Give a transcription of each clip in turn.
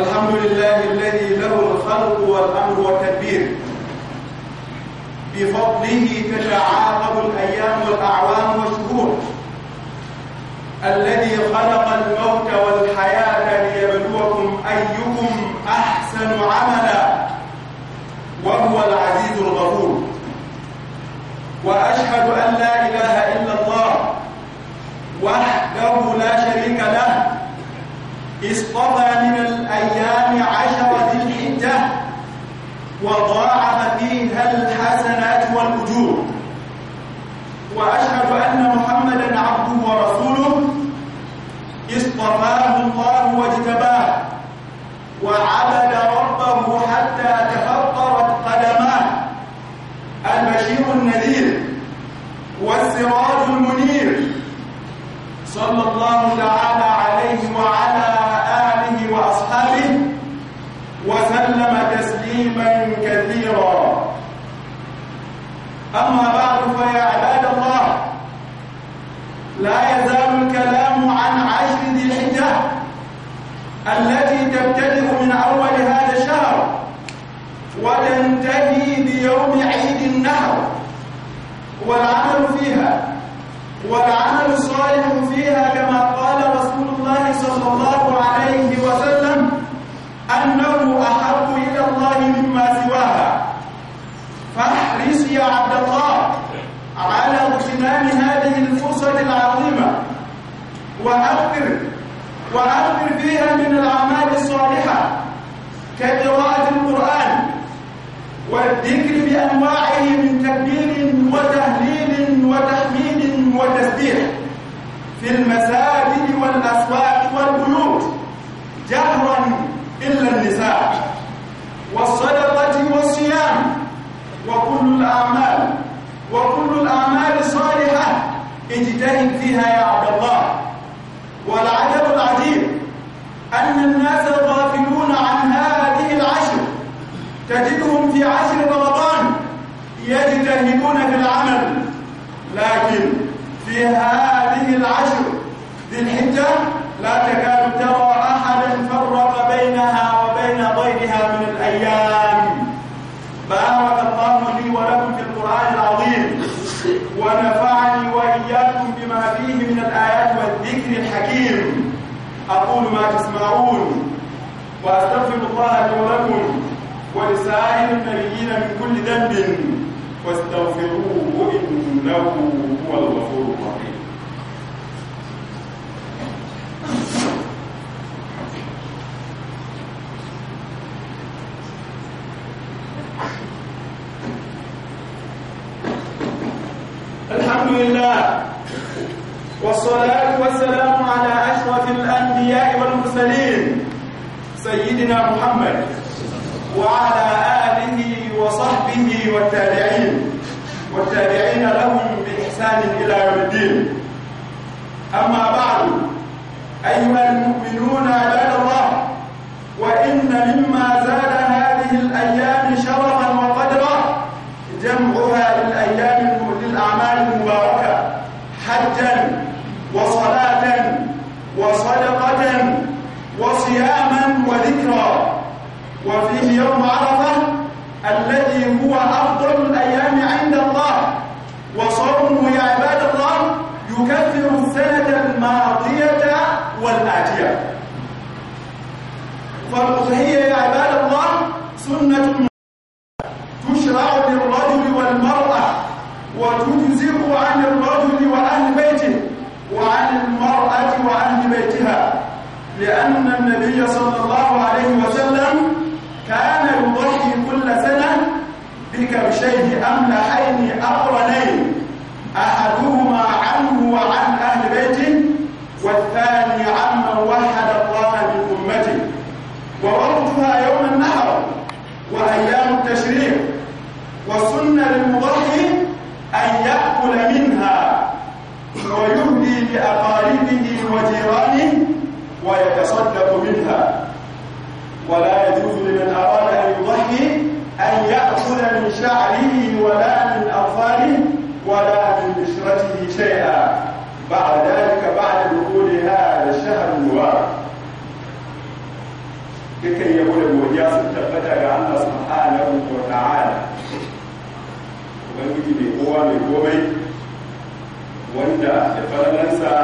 الحمد لله الذي له الخلق والأمر والتدبير بفضله تتعاقب الأيام والأعوام والشهور الذي خلق الموت والحياة ليبلوكم أيكم أحسن عملا وهو العزيز الغفور وأشهد أن لا وضاعف فيها الحسنات والأجور وأشهد أن محمدا عبده ورسوله اصطفاه الله واجتباه التي تبتدئ من أول هذا الشهر وتنتهي بيوم عيد النحر والعمل فيها والعمل الصالح فيها كما قال رسول الله صلى الله عليه وسلم أنه أحب إلى الله مما سواها فاحرص يا عبد الله على اغتنام هذه الفرصة العظيمة وأن وأنذر فيها من الأعمال الصالحة كقراءة القرآن والذكر بأنواعه من تكبير وتهليل وتحميد وتسبيح في المساجد والأسواق والبيوت جهرا إلا النساء والصدقة والصيام وكل الأعمال وكل الأعمال الصالحة اجتهد فيها يا عبد تجدهم في عشر رمضان يجتهدون في العمل لكن في هذه العشر ذي الحجة لا تكاد ترى أحدا فرق بينها وبين غيرها من الأيام بارك الله لي ولكم في القرآن العظيم ونفعني وإياكم بما فيه من الآيات والذكر الحكيم أقول ما تسمعون وأستغفر الله لي ولكم ولسائر النبيين من كل ذنب فاستغفروه إنه هو الغفور الرحيم الحمد لله والصلاة والسلام على أشرف الأنبياء والمرسلين سيدنا محمد وعلى آله وصحبه والتابعين والتابعين لهم بإحسان إلى يوم الدين أما بعد أيها المؤمنون عباد الله وإن مما زاد هذه الأيام شر فهي يا عباد الله سنة تشرع للرجل والمرأة وتجزئ عن الرجل وأهل بيته وعن المرأة وأهل بيتها لأن النبي صلى الله عليه وسلم كان يضحي كل سنة بكبشيه أملحين أقل شعره ولا من أظفاره ولا من بشرته شيئا بعد ذلك بعد دخول هذا الشهر المبارك لكي يقول ابو godiya sun عنه سبحانه وتعالى subhanahu wa ta'ala ubangiji mai kowa mai komai wanda da falalansa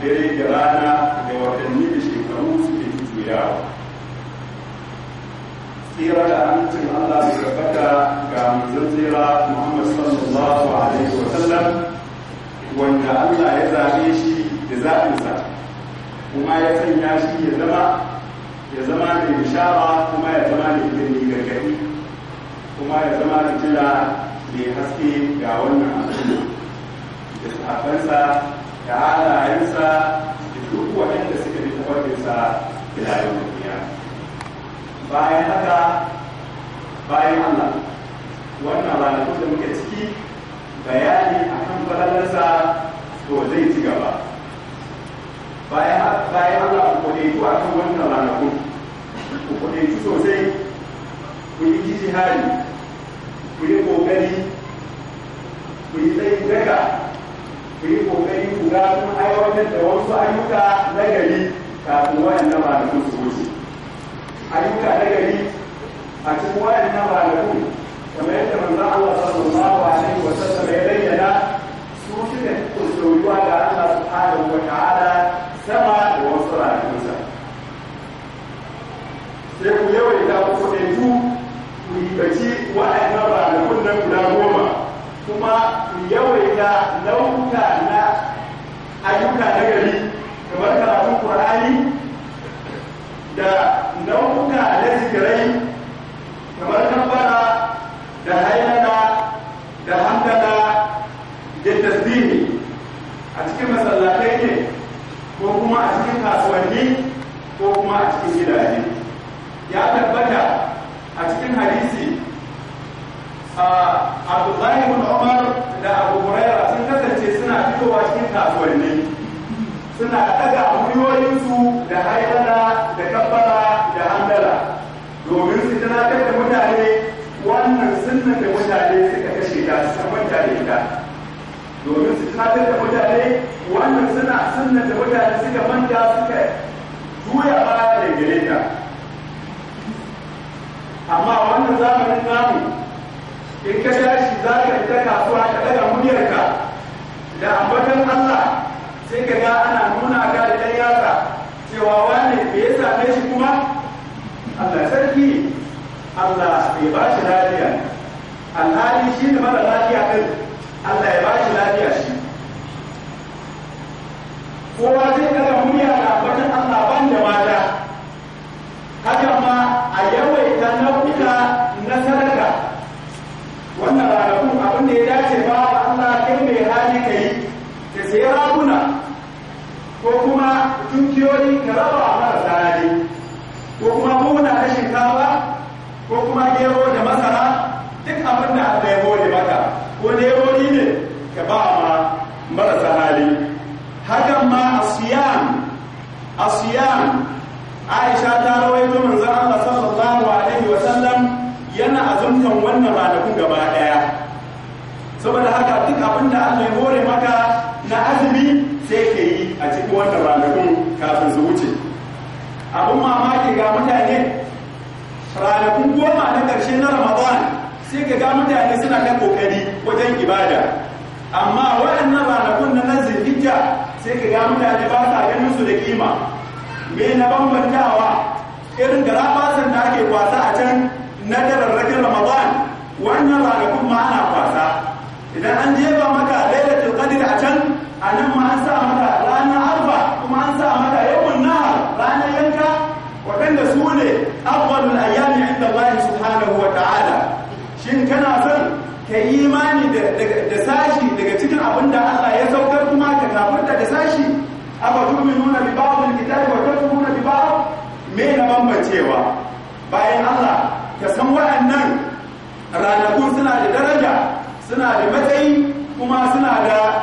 dare da rana da watanni da shekaru suke juyawa tsira da amincin Allah su tabbata ga manzon tsira Muhammad sallallahu alaihi wa sallam wanda Allah ya zabe shi da zaɓinsa kuma ya sanya shi ya zama ya zama mai bishara kuma ya zama mai gani gargaɗi kuma ya zama da jira mai haske ga wannan al'umma da sahabbansa da halayensa da duk waɗanda suka bi tafarkinsa ila yau bayan haka bayan Allah wannan ranaku da muke ciki bayani akan falalarsa to zai ci gaba bayan Allah ku kudaitu a kan wannan ranaku ku ku sosai ku yi hali ku yi kokari ku yi tsayin daga ku yi kokari ku ga sun aiwatar da wasu ayyuka na gari kafin waɗannan ku su ayyuka na gari a cikin wayan wayannan ranaku kamar yadda manzon Allah sallallahu alaihi wa sallam ya bayyana su suka kusurwa ga Allah subhanahu wa ta'ala sama da wasu ranakunsa sai ku yawaita ku kuɗaitu ku ribaci waɗannan ranakun nan guda goma kuma ku yawaita nau'uka na ayyuka na gari kamar karatun Qur'ani da nau'uka na zikirai kamar kambara da hailala da hamdala da tasbihi a cikin masallatai ne ko kuma a cikin kasuwanni ko kuma a cikin gidaje ya tabbata a cikin hadisi Abu abdullahi umar da abu hurairah sun kasance suna fitowa cikin kasuwanni suna daga gwiwoyinsu da haidara da kabbara da handala domin su tunatar da mutane wannan sunnan da mutane suka kashe ta su san mutane ta domin su tunatar da mutane wannan suna sunnan da mutane suka manta suka juya baya da gare ta amma wannan zamanin namu in ka tashi za ka ita kasuwa ka daga muryarka da ambatan Allah sai ka ga ana nuna ga da ɗan yatsa cewa wani bai ya ne shi kuma Allah sarki Allah bai ba shi lafiya alhali shi ne mara lafiya ɗin Allah ya ba shi lafiya shi kowa zai kada murya da wajen Allah ban da mata haka ma a yawaita nau'ika na sadaka wannan ranakun abin da ya dace ba Allah kai mai hali ka yi da sai ko kuma dukiyoyi ka raba marasa daɗi ko kuma muna na shinkawa ko kuma gero da masara duk abin da aka yabo da maka ko nerori ne ka ba a marasa hali hakan ma a siyan Aisha ta rawaito manzon Allah sallallahu alaihi wa sallam yana azumtan wannan ranakun gaba daya saboda haka duk abin da aka yabo da maka abin mamaki ga mutane ranakun goma na ƙarshe na ramadan sai ka ga mutane suna ta kokari wajen ibada amma waɗannan ranakun na nazin hijja sai ka ga mutane ba sa ganin su da kima me na bambantawa irin da rabasan da ake kwasa a can na dararrakin ramadan wannan ranakun ma ana kwasa idan an je afdalul ayami inda Allah subhanahu wa ta'ala shin kana son ka imani da sashi daga cikin abin da Allah ya saukar kuma ka kafirta da sashi aba tu'minuna bi ba'dil kitabi wa takfuruna bi ba'd me na bambancewa bayan Allah ka san wa'annan ranakun suna da daraja suna da matsayi kuma suna da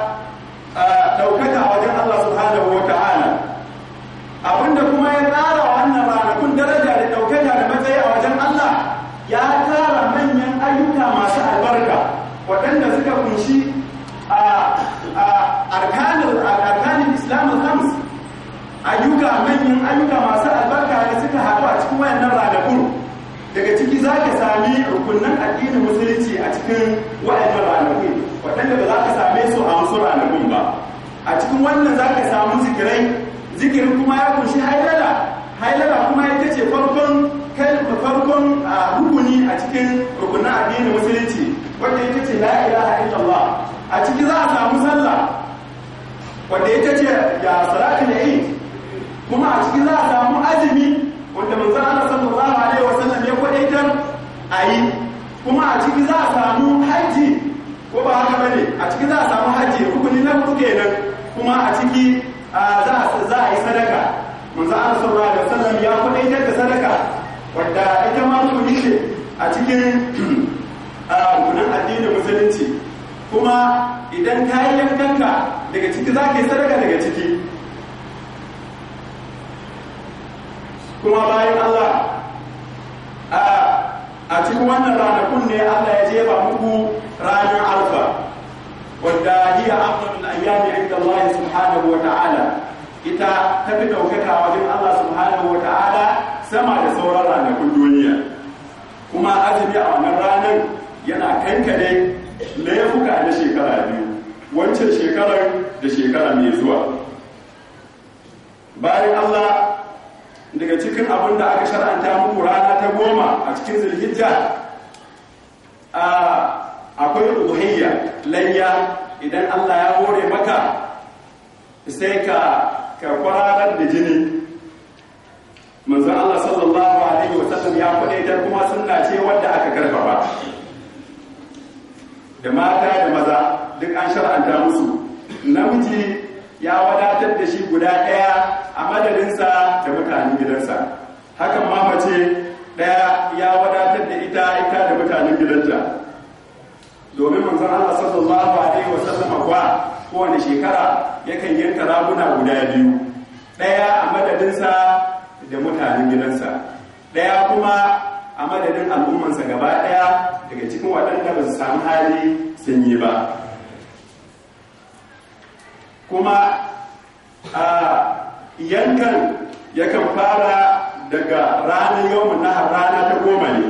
rukunan addinin musulunci a cikin waɗannan ranakun waɗanda ba za ka same su a wasu ranakun ba a cikin wannan za ka samu zikirai zikirin kuma ya kunshi hailala hailala kuma ita ce farkon farkon rukuni a cikin rukunan addinin musulunci wanda ita ce la ilaha illallah a ciki za a samu sallah wanda ita ce ya salatul eid kuma a ciki za a samu azumi wanda manzon Allah sallallahu alaihi wasallam a yi kuma a ciki za a samu haji ko ba haka bane a ciki za a samu haji rukuni na hudu kenan kuma a ciki za a yi sadaka manzo Allah sallallahu da wasallam ya kudaitar da sadaka wadda ita ma rukuni ce a cikin rukunin addinin musulunci kuma idan ka yi yankanka daga ciki za ka yi sadaka daga ciki kuma bayan Allah a a cikin wannan ranakun ne Allah ya jefa muku ranar alfa wadda hiya afdalul ayyami inda Allah subhanahu wa ita ta fi daukaka wajen Allah subhanahu wa sama da sauran ranakun duniya kuma azumi a wannan ranar yana kankare laifuka na shekara biyu wancan shekarar da shekara mai zuwa bayan Allah daga cikin abin da aka shar'anta muku rana ta goma a cikin zulhijja akwai ubuhiyya layya idan allah ya hore maka sai ka ka kwararar da jini manzon allah sallallahu alaihi wa sallam ya kwadaitar kuma sunna ce wadda aka karfafa da mata da maza duk an shar'anta musu namiji ya wadatar da shi guda ɗaya a madadinsa da mutanen gidansa hakan ma mace ɗaya ya wadatar da ita ita da mutanen gidanta domin manzon Allah sallallahu alaihi wa sallam kwa kowane shekara yakan yanka raguna guda biyu ɗaya a madadinsa da mutanen gidansa ɗaya kuma a madadin al'ummansa gaba ɗaya daga cikin waɗanda ba su sami hali sun yi ba kuma a yankan yakan fara daga ranar yawon na rana ta goma ne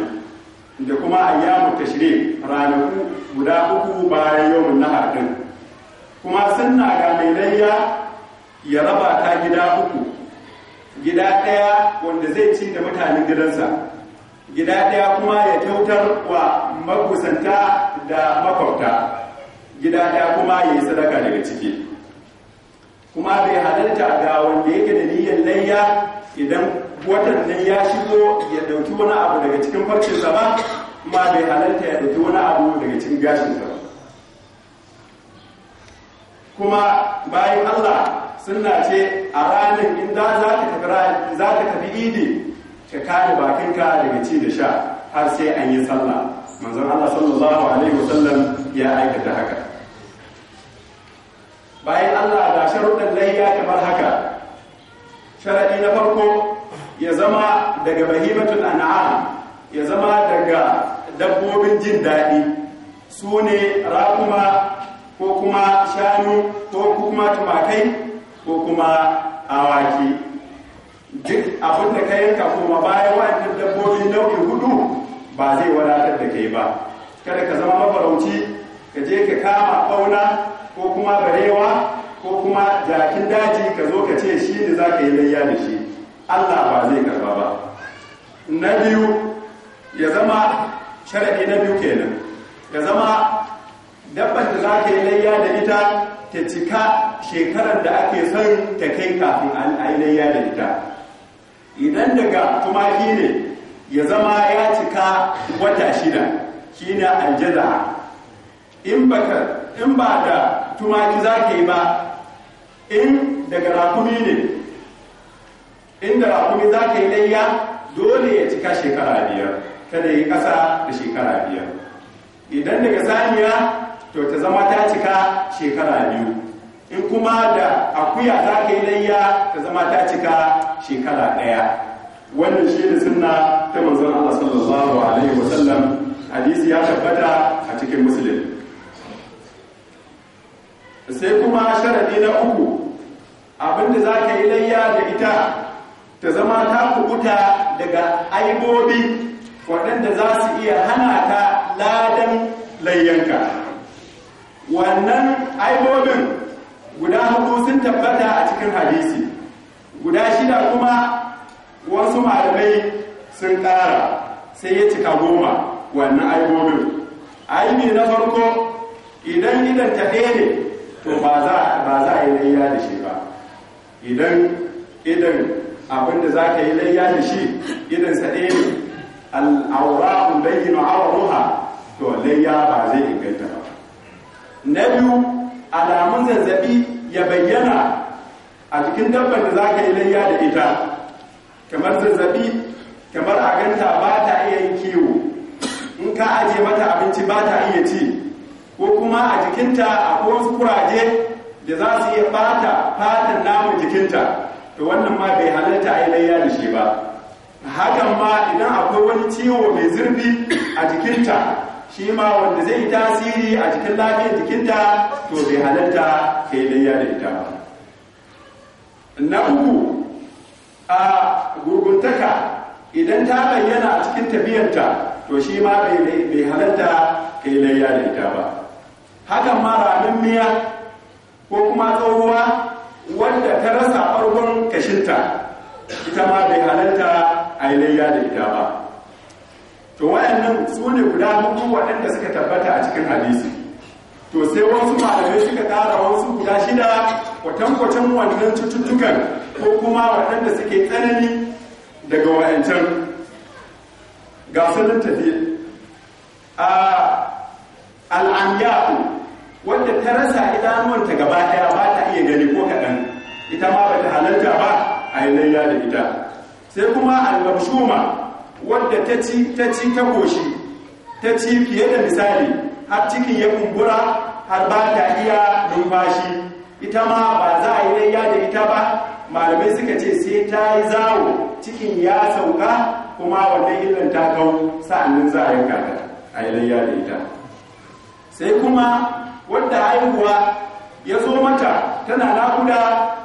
da kuma a ayyamu shirye ranaku guda uku bayan yawon na kuma sunna ga ya raba ta gida uku gida ɗaya wanda zai ci da mutanen gidansa gida ɗaya kuma ya kyautar wa makusanta da makwabta gida ɗaya kuma ya yi sadaka daga ciki kuma bai halarta ga wanda yake da niyyar layya idan watan nan ya shigo ya dauki wani abu daga cikin farcinsa ba kuma bai halarta ya dauki wani abu daga cikin gashinsa ba kuma bayan Allah sunna ce a ranar in za ka tafi idi ka kare bakinka daga ci da sha har sai an yi sallah manzon Allah sallallahu alaihi wasallam ya aikata haka bayan Allah ga sharuɗin layya kamar haka sharaɗi na farko ya zama daga bahimatul an'am ya zama daga dabbobin jin daɗi su ne raƙuma ko kuma shanu ko kuma tumakai ko kuma awaki duk abin da ka yanka kuma bayan wa'annan dabbobin nau'in hudu ba zai wadatar da kai ba kada ka zama mafarauci ka je ka kama ƙauna ko kuma barewa ko kuma jakin daji ka zo ka ce shi ne za ka yi layya da shi allah ba zai karba ba na biyu ya zama sharaɗi na biyu kenan ya zama dabbar da za ka yi layya da ita ta cika shekarar da ake son ta kai kafin an yi layya da ita idan daga tumaki ne ya zama ya cika wata shida shine aljaza in ba da tumaki za ka yi ba in daga rakumi ne inda rakumi za ka yi layya dole ya cika shekara biyar kada yi kasa da shekara biyar idan daga saniya to ta zama ta cika shekara biyu in kuma da akuya za ka yi layya ta zama ta cika shekara ɗaya wannan shi ne sunna ta manzon Allah sallallahu alaihi wasallam hadisi ya tabbata a cikin musulun sai kuma sharadi na uku abinda za ka yi layya da ita ta zama ta kubuta daga aibobi waɗanda za su iya hana ta ladan layyanka wannan aibobin guda hudu sun tabbata a cikin hadisi guda shida kuma wasu malamai sun ƙara sai ya cika goma wannan aibobin aibi na farko idan idan ta ne to ba za a yi layya da shi ba idan idan abin da za ka yi layya da shi idan sa ɗaya ne al'aura bayyana awaruha to layya ba zai inganta ba na biyu alamun zazzabi ya bayyana a cikin dabbar da za ka yi layya da ita kamar zazzabi kamar a ganta ba ta iya yin kiwo in ka ajiye mata abinci ba ta iya ci ko kuma a jikinta akwai wasu kuraje da za su iya bata fatan namun jikinta to wannan ma bai halatta a yi layya da shi ba hakan ma idan akwai wani ciwo mai zurfi a jikinta shi ma wanda zai yi tasiri a jikin lafiyar jikinta to bai halatta ka yi layya da ita ba na uku a gurguntaka idan ta bayyana a cikin tafiyarta to shi ma bai halatta ka yi layya da ita ba haka ma ramin miya ko kuma tsohuwa wanda ta rasa farkon kashinta ita ma bai halarta a layya da ita ba to wayannan su ne guda hudu waɗanda suka tabbata a cikin hadisi to sai wasu malamai suka ƙara wasu guda shida kwatankwacin wannan cututtukan ko kuma waɗanda suke tsanani daga wayancan ga tafiya. a ah, al'amiyaku wanda ta rasa idanuwanta gaba ɗaya ba ta iya gani ko kaɗan ita ma bata halarta ba a yi layya da ita sai kuma al-mabshuma wanda ta ci ta ci ta koshi ta ci fiye da misali har cikin ya kumbura har ba ta iya numfashi ita ma ba za a yi layya da ita ba malamai suka ce sai ta yi zawo cikin ya sauka kuma wanda illan ta kau sa'annin za a yanka ta a yi layya da ita sai kuma wanda haihuwa ya zo mata tana nakuda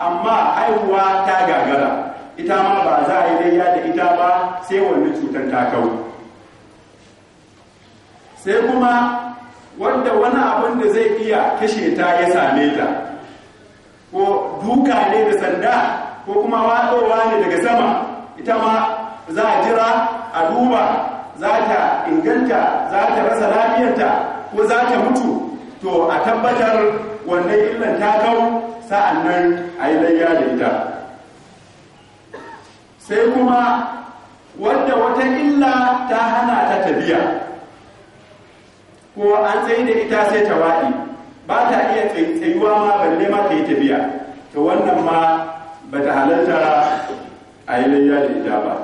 amma haihuwa ta gagara ita ma ba za a yi daya da ita ba sai wani cutar ta kawo sai kuma wanda wani abin da zai iya kashe ta ya same ta ko duka ne da sanda ko kuma watsowa ne daga sama ita ma za a jira a duba za ta inganta za ta rasa lafiyarta ko za ta mutu to a tabbatar wannan illan ta kau sa'an nan a yi layya da ita sai kuma wadda wata illa ta hana ta tafiya ko an tsaye da ita sai ta waɗi ba ta iya tsayuwa ma balle ma ta yi tafiya to wannan ma ba ta halarta a yi layya da ita ba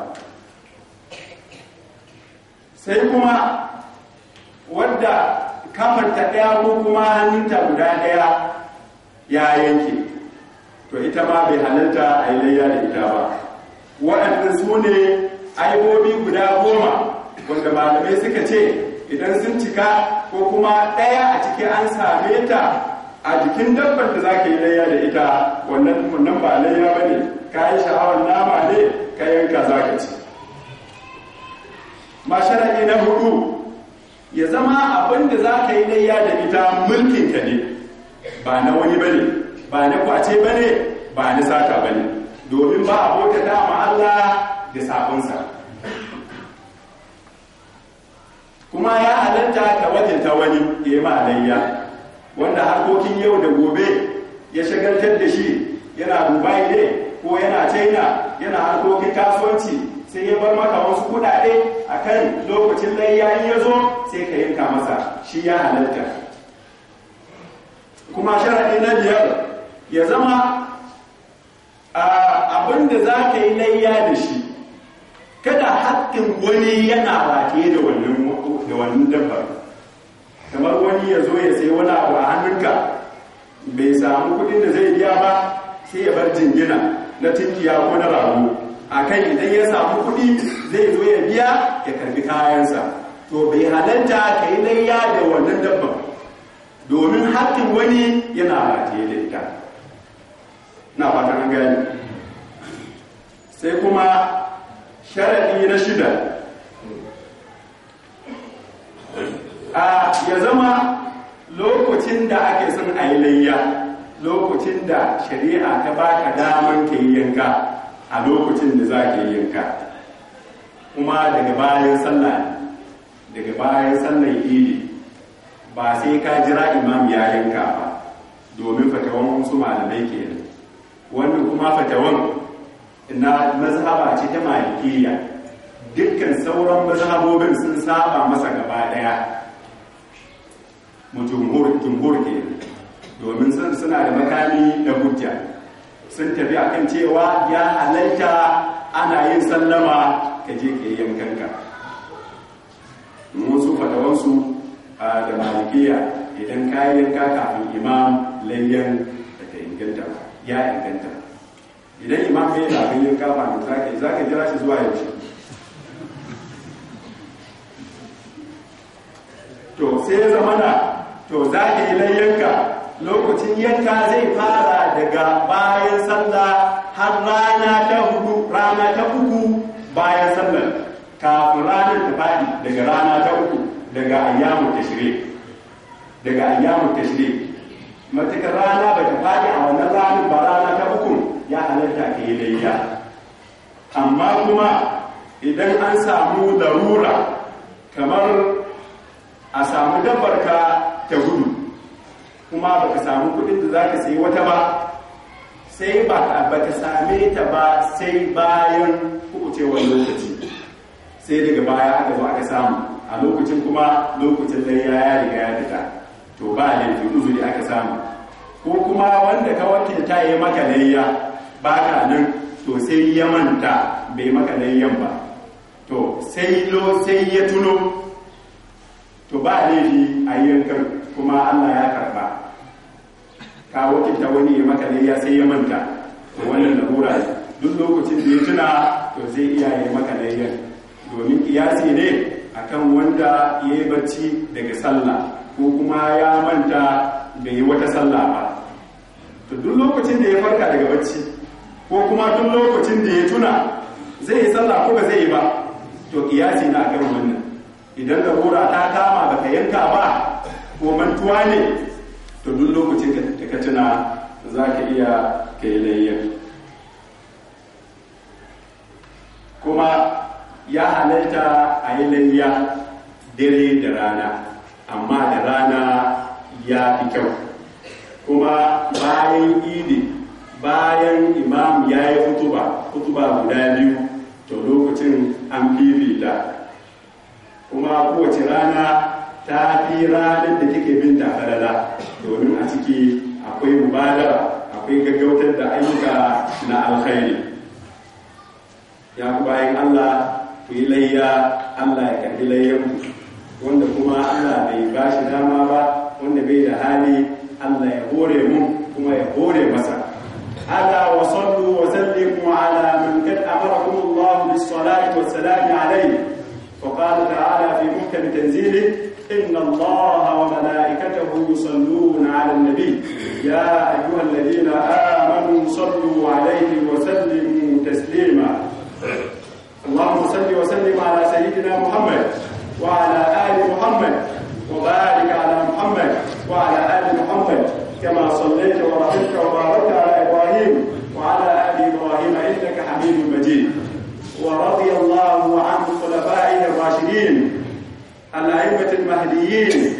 sai kuma wadda ta ɗaya ko kuma hannunta guda ɗaya ya yanke to ita ma bai halarta a yi layya da ita ba waɗanda su ne aibobi guda goma wanda malamai suka ce idan sun cika ko kuma ɗaya a ciki an same ta a jikin dabbar da za ka yi layya da ita wannan wannan ba layya ba ne ka yi sha'awar nama ne ka yanka za ka ci mashara'i na hudu ya zama abin da za ka yi na ya da ita mulkin ka ne ba na wani ba ne ba na kwace ba ne ba na sata ba ne domin ba a ta dama Allah da sabonsa kuma ya halatta wajen ta wani ya yi malayya wanda harkokin yau da gobe ya shagaltar da shi yana dubai ne ko yana china yana harkokin kasuwanci sai ya bar maka wasu kuɗaɗe a kan lokacin layya in ya zo sai ka yanka masa shi ya halatta kuma sharaɗi na biyar ya zama abin da za ka yi layya da shi kada haƙƙin wani yana rake da wannan dabbar kamar wani ya zo ya sai wani abu a hannunka bai samu kuɗin da zai biya ba sai ya bar jingina na tinkiya ko na rago a kan idan ya samu kuɗi zai zo ya biya ya karbi kayansa to bai halatta ka yi layya da wannan dabban domin haƙƙin wani yana rataye da ita na fatan an gani sai kuma sharadi na shida a ya zama lokacin da ake son a yi layya lokacin da shari'a ta baka daman ka yi yanka a lokacin da za ka yanka kuma daga bayan sallah daga bayan sallar idi ba sai ka jira imam ya yanka ba domin fatawan wasu malamai kenan wanda kuma fatawan na mazhaba ce ta malikiya dukkan sauran mazhabobin sun saba masa gaba daya mutum jumhur kenan domin suna da makami na hujja sun tafi akan cewa ya halatta ana yin sallama ka je ka yi yankanka mun su a da malikiya idan ka yanka kafin imam layyan da ta inganta ya inganta idan imam ya yi kafin yanka ba da zaka ka jira shi zuwa yaushe to sai ya na to za ka yi layyanka lokacin yanka zai fara daga bayan sallah har rana ta hudu rana ta uku bayan sallah, kafin ranar ta fadi daga rana ta uku daga ayyamun tashri daga ayyamun tashri matukar rana ba ta fadi a wannan ranar ba rana ta uku ya halatta ka yi layya amma kuma idan an samu larura kamar a samu dabbar ka ta gudu kuma baka samu kuɗin da za ka sayi wata ba sai ba ta same ta ba sai bayan kubucewar lokaci sai daga baya aka zo aka samu a lokacin kuma lokacin da ya riga ya fita to ba laifi uzuri aka samu ko kuma wanda ka wanke ta ya maka layya ba ka nan to sai ya manta bai maka layyan ba to sai lo sai ya tuno to ba laifi a yankan kuma Allah ya karba ka wakilta wani ya maka ne ya sai ya manta wannan ne. duk lokacin da ya tuna to zai iya ya maka ne domin kiyasi ne akan wanda ya yi barci daga sallah ko kuma ya manta bai yi wata sallah ba to duk lokacin da ya farka daga barci, ko kuma tun lokacin da ya tuna zai yi sallah ko ba zai yi ba to kiyasi na akan wannan idan da ta kama baka yanka ba ko mantuwa ne to duk lokacin da ka tuna za ka iya ka yi layyar kuma ya halatta a yi layya dare da rana amma da rana ya fi kyau kuma bayan idi bayan imam ya yi hutuba hutuba guda biyu to lokacin an fifita kuma kowace rana ta fi ranar da kike bin ta domin a ciki akwai mubalara akwai gaggautar da ayyuka na alkhairi ya ku bayan Allah ku yi layya Allah ya karbi layyanku wanda kuma Allah bai ba shi dama ba wanda bai da hali Allah ya hore mu kuma ya hore masa ala man kad على Allah bis salati wa بالصلاة alayhi fa qala ta'ala fi محكم تنزيله إن الله وملائكته يصلون على النبي يا أيها الذين آمنوا صلوا عليه وسلموا تسليما اللهم صل وسلم على سيدنا محمد الأئمة المهديين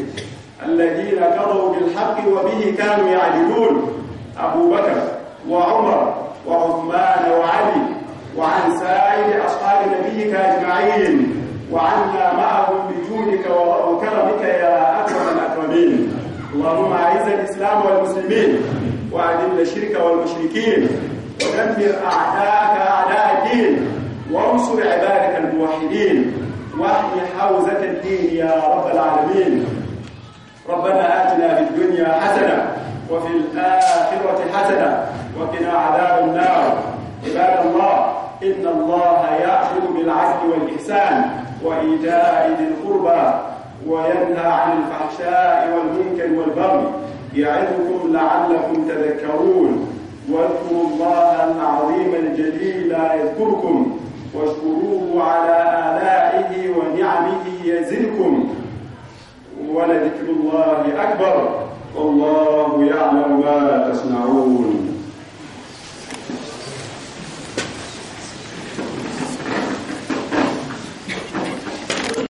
الذين كروا بالحق وبه كانوا يعدلون أبو بكر وعمر وعثمان وعلي وعن سائر أصحاب نبيك أجمعين وعنا معهم بجودك وكرمك يا أكرم الأكرمين اللهم أعز الإسلام والمسلمين وأذل الشرك والمشركين ودمر أعداءك أعداء الدين وانصر عبادك الموحدين واحيي حوزة الدين يا رب العالمين ربنا آتنا في الدنيا حسنة وفي الآخرة حسنة وقنا عذاب النار عباد الله إن الله يأخذ بالعدل والإحسان وإيتاء ذي القربى وينهى عن الفحشاء والمنكر والبغي يعظكم لعلكم تذكرون واذكروا الله العظيم الجليل يذكركم واشكروه على آلائه ونعمه يزدكم ولذكر الله أكبر والله يعلم ما تصنعون